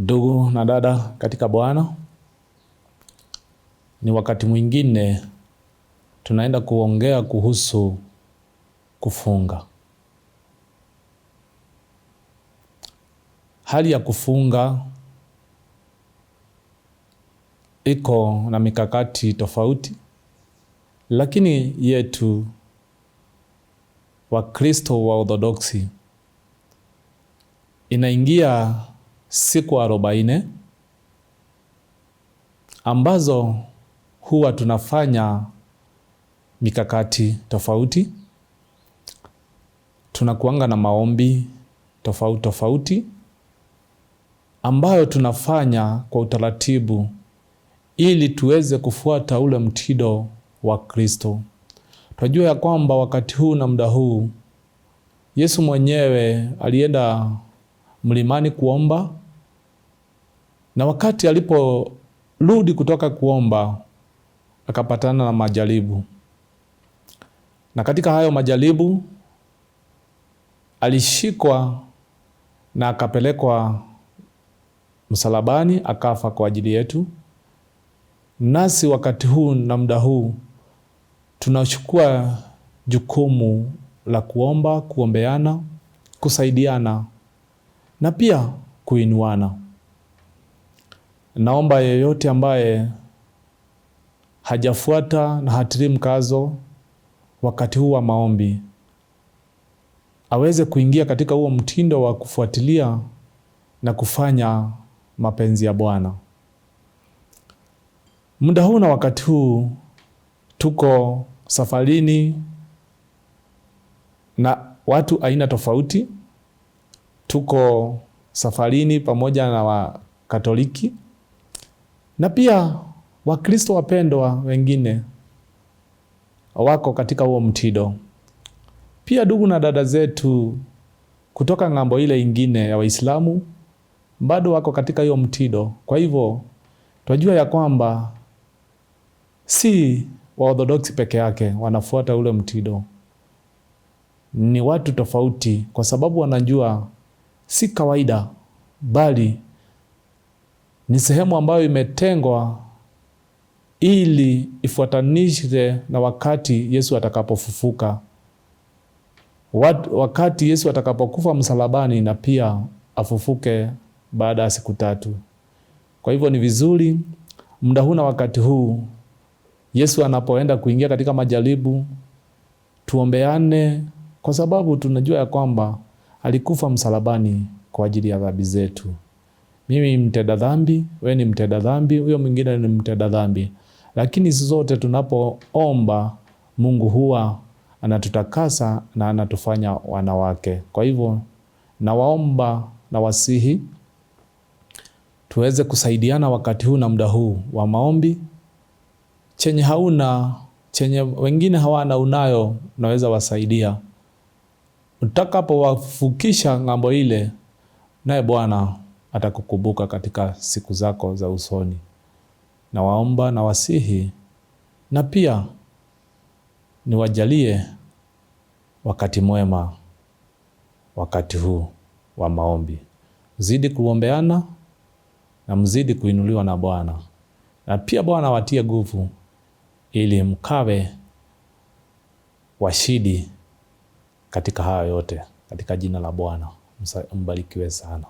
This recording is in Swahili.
Ndugu na dada katika Bwana, ni wakati mwingine tunaenda kuongea kuhusu kufunga. Hali ya kufunga iko na mikakati tofauti, lakini yetu Wakristo wa Orthodoksi inaingia siku arobaini ambazo huwa tunafanya mikakati tofauti, tunakuanga na maombi tofauti tofauti ambayo tunafanya kwa utaratibu ili tuweze kufuata ule mtindo wa Kristo. Tunajua ya kwamba wakati huu na muda huu Yesu mwenyewe alienda mlimani kuomba, na wakati aliporudi kutoka kuomba akapatana na majaribu, na katika hayo majaribu alishikwa na akapelekwa msalabani, akafa kwa ajili yetu. Nasi wakati huu na muda huu tunachukua jukumu la kuomba, kuombeana, kusaidiana na pia kuinuana. Naomba yeyote ambaye hajafuata na hatilii mkazo wakati huu wa maombi aweze kuingia katika huo mtindo wa kufuatilia na kufanya mapenzi ya Bwana. Muda huu na wakati huu tuko safarini na watu aina tofauti tuko safarini pamoja na Wakatoliki na pia Wakristo wapendwa wengine wako katika huo mtido pia, ndugu na dada zetu kutoka ng'ambo ile ingine ya Waislamu bado wako katika hiyo mtido. Kwa hivyo twajua ya kwamba si Waorthodoksi peke yake wanafuata ule mtido, ni watu tofauti, kwa sababu wanajua si kawaida, bali ni sehemu ambayo imetengwa ili ifuatanishe na wakati Yesu atakapofufuka, wakati Yesu atakapokufa msalabani na pia afufuke baada ya siku tatu. Kwa hivyo ni vizuri muda huu na wakati huu Yesu anapoenda kuingia katika majaribu tuombeane, kwa sababu tunajua ya kwamba alikufa msalabani kwa ajili ya dhambi zetu. Mimi mtenda dhambi, wewe ni mtenda dhambi, huyo mwingine ni mtenda dhambi. Lakini sisi zote tunapoomba Mungu huwa anatutakasa na anatufanya wanawake. Kwa hivyo nawaomba na wasihi tuweze kusaidiana wakati huu na muda huu wa maombi. Chenye hauna chenye wengine hawana, unayo, unaweza wasaidia utakapowafukisha ng'ambo ile, naye Bwana atakukumbuka katika siku zako za usoni. Na waomba na wasihi na pia niwajalie wakati mwema, wakati huu wa maombi. Mzidi kuombeana na mzidi kuinuliwa na Bwana, na pia Bwana watie nguvu ili mkawe washidi katika haya yote, katika jina la Bwana mbarikiwe sana.